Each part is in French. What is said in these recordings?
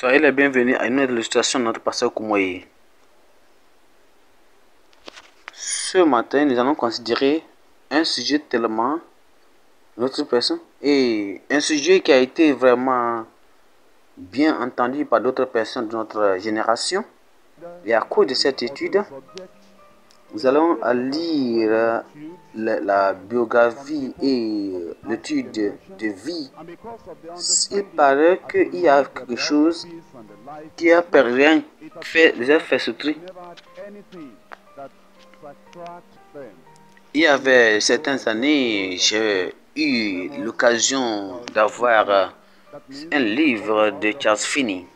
Soyez les bienvenus à une illustration de notre passé Koumoye. Ce matin, nous allons considérer un sujet tellement notre personne et un sujet qui a été vraiment bien entendu par d'autres personnes de notre génération. Et à cause de cette étude, nous allons lire la, biographie et l'étude de vie. Il paraît qu'il y a quelque chose qui a rien fait, déjà fait ce truc. Il y avait certaines années, j'ai eu l'occasion d'avoir un livre de Charles Finney,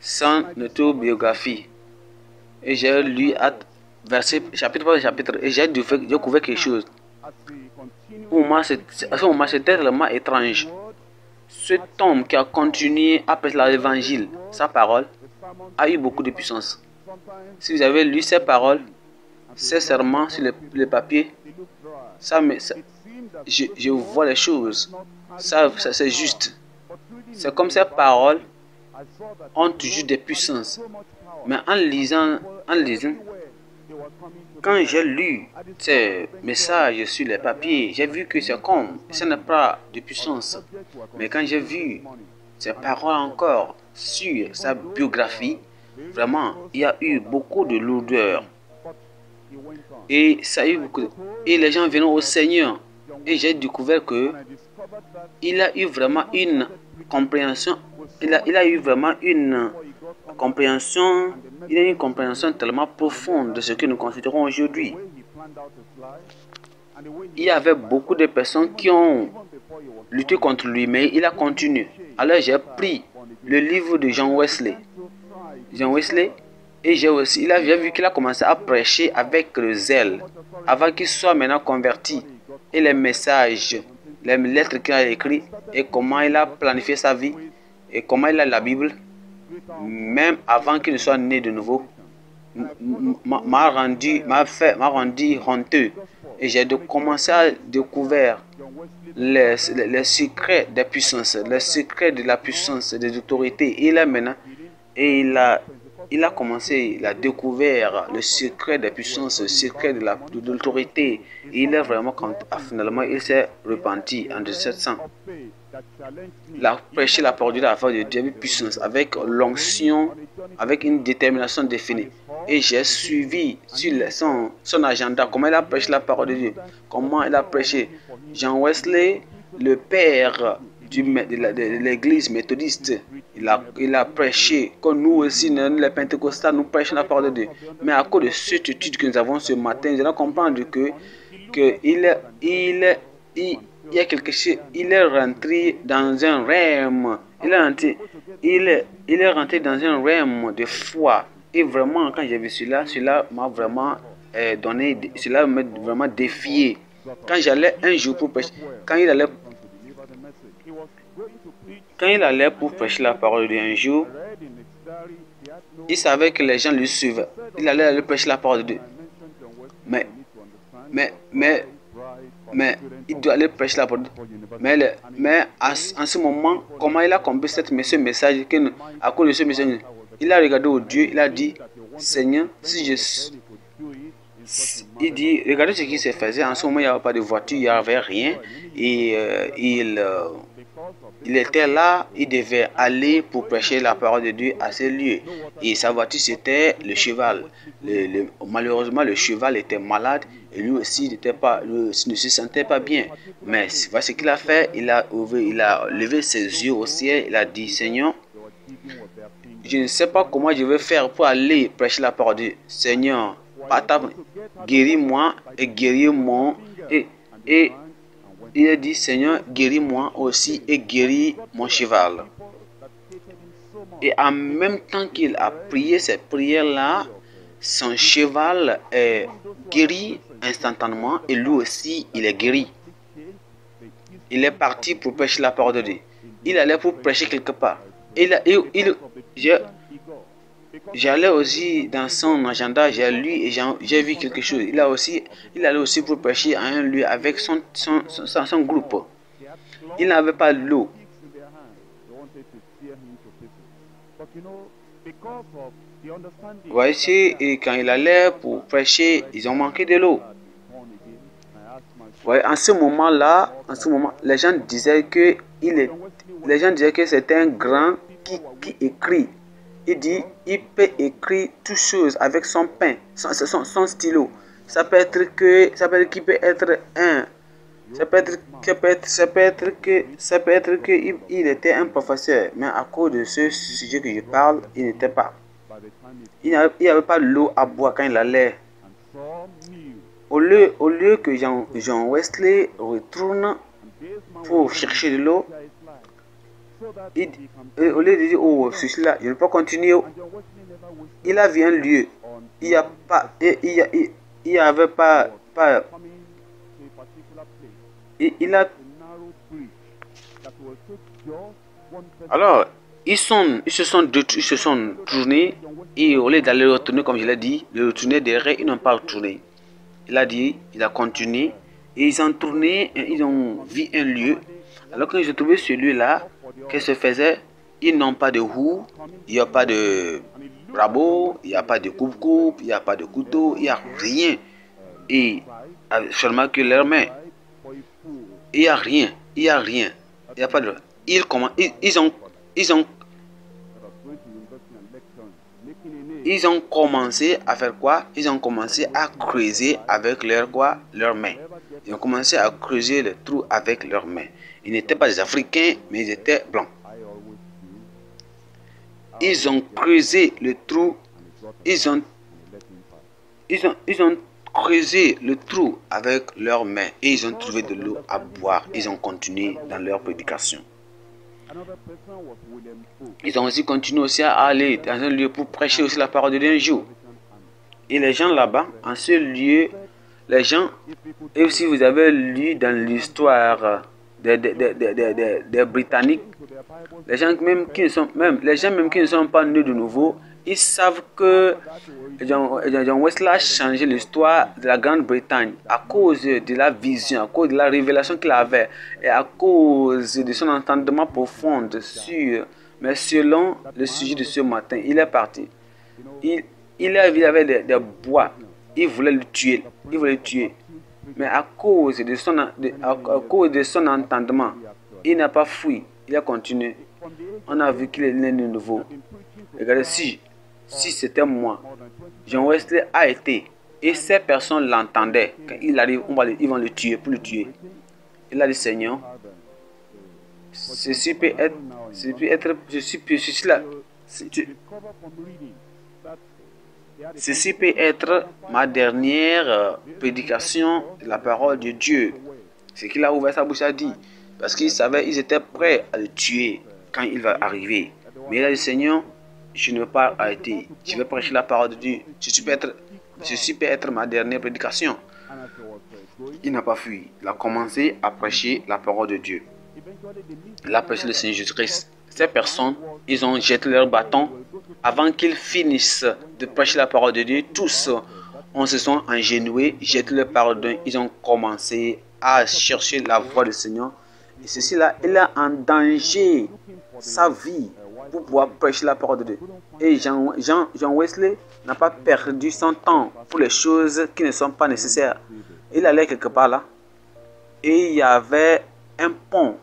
Sans autobiographie. Et j'ai lu verset, chapitre par chapitre, et j'ai découvert quelque chose. Pour moi, c'est tellement étrange. Ce homme qui a continué à l'évangile, sa parole, a eu beaucoup de puissance. Si vous avez lu ses paroles, ses sur le, papier, ça, me, je, je, vois les choses. Ça, ça c'est juste. C'est comme ces paroles ont toujours des puissances. Mais en lisant, en lisant, quand j'ai lu ces messages sur les papiers, j'ai vu que c'est comme, ce n'est pas de puissance. Mais quand j'ai vu ces paroles encore sur sa biographie, vraiment, il y a eu beaucoup de lourdeur. Et, ça a eu beaucoup et les gens venaient au Seigneur. Et j'ai découvert que il a eu vraiment une compréhension, il a, il a eu vraiment une compréhension, il a une compréhension tellement profonde de ce que nous considérons aujourd'hui. Il y avait beaucoup de personnes qui ont lutté contre lui, mais il a continué. Alors j'ai pris le livre de Jean Wesley. Jean Wesley, et j'ai aussi, il vu qu'il a commencé à prêcher avec le zèle, avant qu'il soit maintenant converti. Et les messages, les lettres qu'il a écrites, et comment il a planifié sa vie, et comment il a la Bible, même avant qu'il ne soit né de nouveau, m'a rendu, m'a fait, m'a rendu honteux. Et j'ai commencé à découvrir les, les, secrets des puissances, les secrets de la puissance, des autorités. Il est maintenant, et il a, il a commencé, il a découvert le secret des puissances, le secret de, la, l'autorité. il est vraiment, quand, ah, finalement, il s'est repenti en 1700 la prêcher la parole de Dieu de avec puissance, avec l'onction, avec une détermination définie. Et j'ai suivi son, son, agenda comment il a prêché la parole de Dieu, comment il a prêché. Jean Wesley, le père du, de l'église méthodiste, il a, il a prêché, Que nous aussi, les Pentecostales, nous prêchons la parole de Dieu. Mais à cause de cette étude que nous avons ce matin, nous allons comprendre que, que il, il, il il y a quelque chose. Il est rentré dans un rêve. Il est rentré, il est, il est rentré dans un rêve de foi. Et vraiment, quand j'ai vu cela, cela m'a vraiment euh, donné, cela m'a vraiment défié. Quand j'allais un jour pour prêcher, quand il allait, quand il allait pour prêcher la parole d'un jour, il savait que les gens le suivaient. Il allait aller prêcher la parole de Dieu. Mais, mais, mais, mais il doit aller prêcher la bas Mais, mais en ce moment, comment il a compris cette, ce message À cause de ce il a regardé au Dieu, il a dit, Seigneur, si je... Il dit, regardez ce qui se faisait. En ce moment, il n'y avait pas de voiture, il n'y avait rien. Et euh, il... Euh, il était là, il devait aller pour prêcher la parole de Dieu à ce lieu. Et sa voiture, c'était le cheval. malheureusement, le cheval était malade et lui aussi ne se sentait pas bien. Mais voici ce qu'il a fait. Il a, levé ses yeux au ciel. Il a dit, Seigneur, je ne sais pas comment je vais faire pour aller prêcher la parole de Dieu. Seigneur, guéris-moi et guéris-moi. et il a dit, Seigneur, guéris-moi aussi et guéris mon cheval. Et en même temps qu'il a prié cette prière-là, son cheval est guéri instantanément et lui aussi, il est guéri. Il est parti pour prêcher la parole de Dieu. Il allait pour prêcher quelque part. et a, il, J'allais aussi dans son agenda, j'ai lu et j'ai vu quelque chose. Il, a aussi, il allait aussi pour prêcher un avec son, son, groupe. Il n'avait pas l'eau. Voici, et quand il allait pour prêcher, ils ont manqué de l'eau. en ce moment-là, en ce moment, les gens disaient que il les gens disaient que c'était un grand qui écrit il dit, il peut écrire toutes choses avec son pain, son, stylo. Ça peut être que, ça peut être qu'il peut être un. Ça peut être, ça peut être que, ça peut être que il était un professeur, mais à cause de ce sujet que je parle, il n'était pas. Il n'avait pas l'eau à boire quand il allait. Au lieu, au lieu que Jean, Jean Wesley retourne pour chercher de l'eau, il, et euh, au lieu de dire, oh, ceci-là, je ne peux pas continuer. Il a vu un lieu. Il n'y a pas. Et, euh, il y avait pas. pas et, il a. Alors, ils, sont, ils, se sont, ils se sont tournés et au lieu d'aller retourner, comme je l'ai dit, le retourner derrière, ils n'ont pas retourné. Il a dit, il a continué et ils ont tourné, ils ont vu un lieu. Alors quand ils ont trouvé ce lieu-là, que se faisait, ils n'ont pas de roue, il n'y a pas de rabot, il n'y a pas de coupe-coupe, il n'y a pas de couteau, il n'y a rien. Et euh, seulement que leurs mains, il n'y a rien, il n'y a rien, il y a pas de. Ils, comment, ils, ont, ils, ont, ils ont commencé à faire quoi Ils ont commencé à creuser avec leurs Leurs mains. Ils ont commencé à creuser le trou avec leurs mains. Ils n'étaient pas des Africains, mais ils étaient blancs. Ils ont creusé le trou. Ils ont, ils ont, ils ont creusé le trou avec leurs mains et ils ont trouvé de l'eau à boire. Ils ont continué dans leur prédication. Ils ont aussi continué aussi à aller dans un lieu pour prêcher aussi la parole de Dieu jour. Et les gens là-bas, en ce lieu, les gens, et si vous avez lu dans l'histoire des, des, des, des, Britanniques, les gens, même qui sont, même, les gens même qui ne sont pas nés de nouveau, ils savent que John, Wesley a changé l'histoire de la Grande-Bretagne à cause de la vision, à cause de la révélation qu'il avait et à cause de son entendement profond sur, mais selon le sujet de ce matin, il est parti. Il, il avait des, des bois. Il voulait le tuer. Il voulait le tuer. Mais à cause de son, à, cause de son entendement, il n'a pas fui, il a continué. On a vu qu'il est né de nouveau. Regardez, si, si c'était moi, Jean Wesley a été, et ces personnes l'entendaient. Quand il arrive, on va ils vont le tuer pour le tuer. Il a dit Seigneur, ceci peut être, je suis, plus là. Ceci peut être ma dernière euh, prédication de la parole de Dieu. Ce qu'il a ouvert sa bouche a dit. Parce qu'il savait qu'ils étaient prêts à le tuer quand il va arriver. Mais il a Seigneur, je ne veux pas arrêter. Je vais prêcher la parole de Dieu. Ceci peut être, ceci peut être ma dernière prédication. Il n'a pas fui. Il a commencé à prêcher la parole de Dieu. Il a prêché le Seigneur Jésus-Christ. Ces personnes, ils ont jeté leur bâtons avant qu'ils finissent de prêcher la parole de Dieu, tous, on se sont engenoués, jettent le pardon, ils ont commencé à chercher la voie du Seigneur. Et ceci là, il a en danger sa vie pour pouvoir prêcher la parole de Dieu. Et Jean, Wesley n'a pas perdu son temps pour les choses qui ne sont pas nécessaires. Il allait quelque part là. Et il y avait un pont.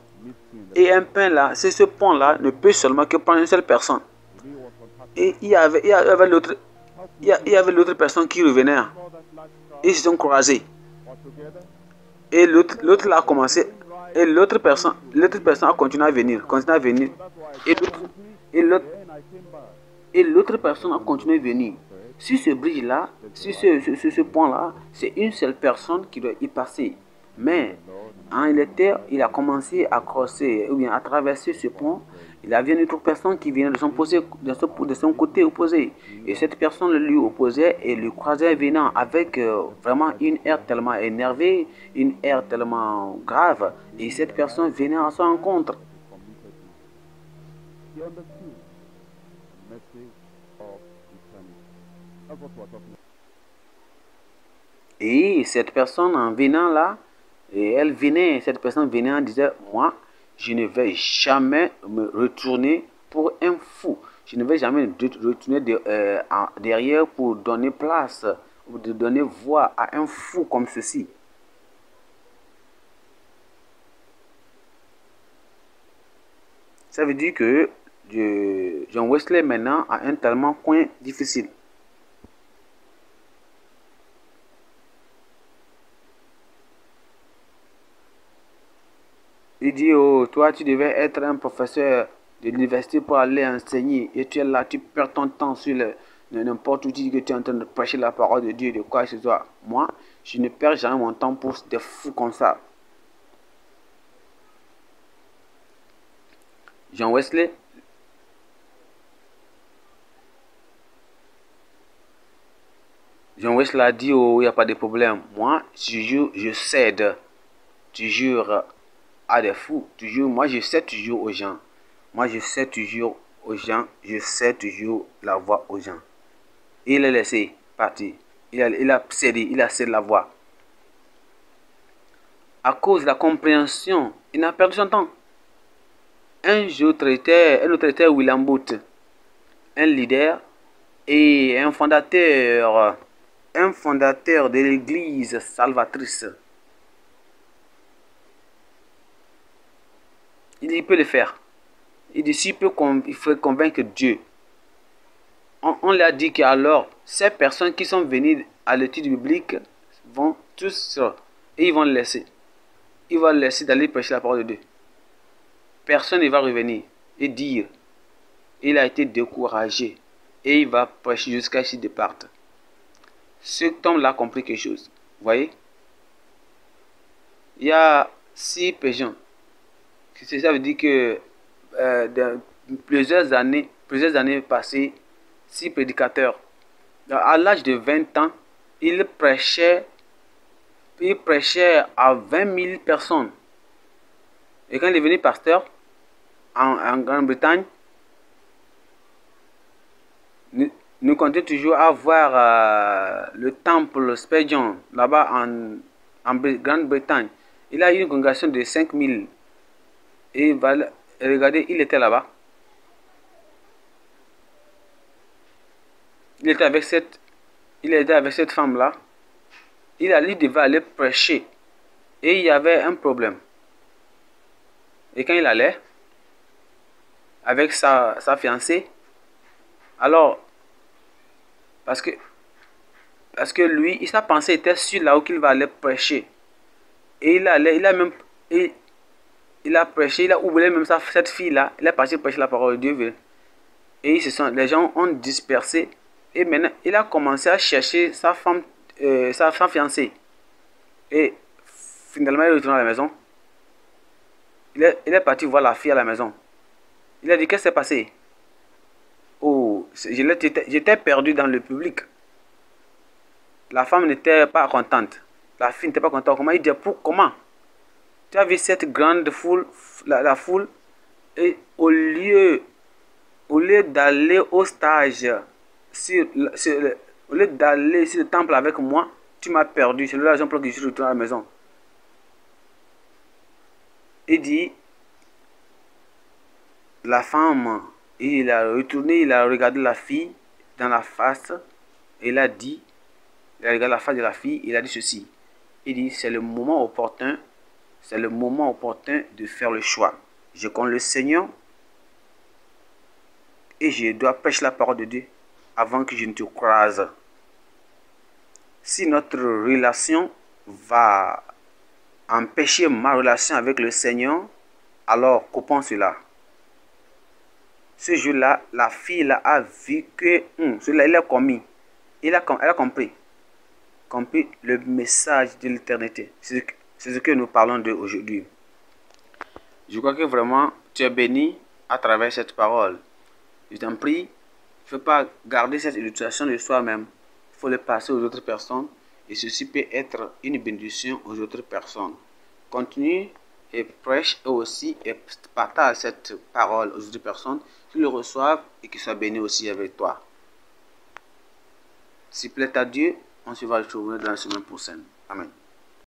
Et un pont là, c'est ce pont là ne peut seulement que prendre une seule personne. Et il y avait, il y avait l'autre. Il y avait l'autre personne qui revenait. Hein. Ils se sont croisés. Et l'autre l'autre a commencé. Et l'autre personne, l'autre personne a continué à venir, continué à venir. Et l'autre, et l'autre, et l'autre personne a continué à venir. Sur ce bridge-là, sur ce, ce, ce, pont-là, c'est une seule personne qui doit y passer. Mais en hein, il était, il a commencé à crosser ou bien à traverser ce pont il y avait une autre personne qui venait de son, de, son, côté opposé. Et cette personne lui opposait et le croisait venant avec euh, vraiment une air tellement énervée, une air tellement grave. Et cette personne venait à son encontre. Et cette personne en venant là, et elle venait, cette personne venait en disant, moi, je ne vais jamais me retourner pour un fou. Je ne vais jamais retourner euh, derrière pour donner place ou donner voix à un fou comme ceci. Ça veut dire que John Wesley maintenant a un tellement coin difficile. dit, oh, toi tu devais être un professeur de l'université pour aller enseigner et tu es là, tu perds ton temps sur le, n'importe où, tu dis que tu es en train de prêcher la parole de Dieu, de quoi que ce soit. Moi, je ne perds jamais mon temps pour des fous comme ça. Jean Wesley. Jean Wesley a dit, oh, il n'y a pas de problème. Moi, je, je cède. Tu jures à des fous. Toujours, moi, je sais toujours aux gens. Moi, je sais toujours aux gens. Je sais toujours la voix aux gens. Il est laissé partir. Il a, il a cédé, il a cédé la voix. À cause de la compréhension, il n'a perdu son temps. Un jour, traitait, un autre était William Booth, un leader et un fondateur, un fondateur de l'église salvatrice il peut le faire. Il dit, il faut convaincre Dieu. On, lui a dit qu'alors, ces personnes qui sont venues à l'étude biblique vont tous et ils vont le laisser. Ils vont le laisser d'aller prêcher la parole de Dieu. Personne ne va revenir et dire, il a été découragé et il va prêcher jusqu'à ce qu'il parte. Ce homme-là a compris quelque chose. Vous voyez Il y a six pigeons ça veut dire que euh, plusieurs années, plusieurs années passées, six prédicateurs. À l'âge de 20 ans, il prêchait, prêchait à 20 000 personnes. Et quand il est venu pasteur en, Grande-Bretagne, nous, nous, toujours avoir euh, le temple Spurgeon là-bas en, Grande-Bretagne. Il a eu une congrégation de 5 5000 et va, regardez, il était là-bas. Il était avec cette, il était avec cette femme-là. Il allait, devait aller prêcher. Et il y avait un problème. Et quand il allait, avec sa, sa fiancée, alors, parce que, parce que lui, sa pensée était sur là où qu'il va aller prêcher. Et il allait, il a même, il a prêché, il a oublié même cette fille-là, il est parti prêcher la parole de Dieu. Et se les gens ont dispersé. Et maintenant, il a commencé à chercher sa femme, euh, sa femme fiancée. Et finalement, il est retourné à la maison. Il est, parti voir la fille à la maison. Il a dit, qu'est-ce qui s'est passé Oh, j'étais perdu dans le public. La femme n'était pas contente. La fille n'était pas contente. Comment il dit, pour comment tu as vu cette grande foule, la, foule, et au lieu, au lieu d'aller au stage, au lieu d'aller sur le temple avec moi, tu m'as perdu. C'est là que je suis à la maison. Il dit, la femme, il a retourné, il a regardé la fille dans la face, et il a dit, il a regardé la face de la fille, il a dit ceci. Il dit, c'est le moment opportun c'est le moment opportun de faire le choix. Je compte le Seigneur et je dois prêcher la parole de Dieu avant que je ne te croise. Si notre relation va empêcher ma relation avec le Seigneur, alors coupons cela. Ce jour-là, la fille a vu que hmm, cela, il a commis. a, elle a compris. Compris le message de l'éternité. C'est ce que nous parlons de aujourd'hui. Je crois que vraiment tu es béni à travers cette parole. Je t'en prie, ne fais pas garder cette illustration de soi-même. Il faut le passer aux autres personnes et ceci peut être une bénédiction aux autres personnes. Continue et prêche aussi et partage cette parole aux autres personnes qui le reçoivent et qui soient bénis aussi avec toi. S'il plaît à Dieu, on se va le dans la semaine prochaine. Amen.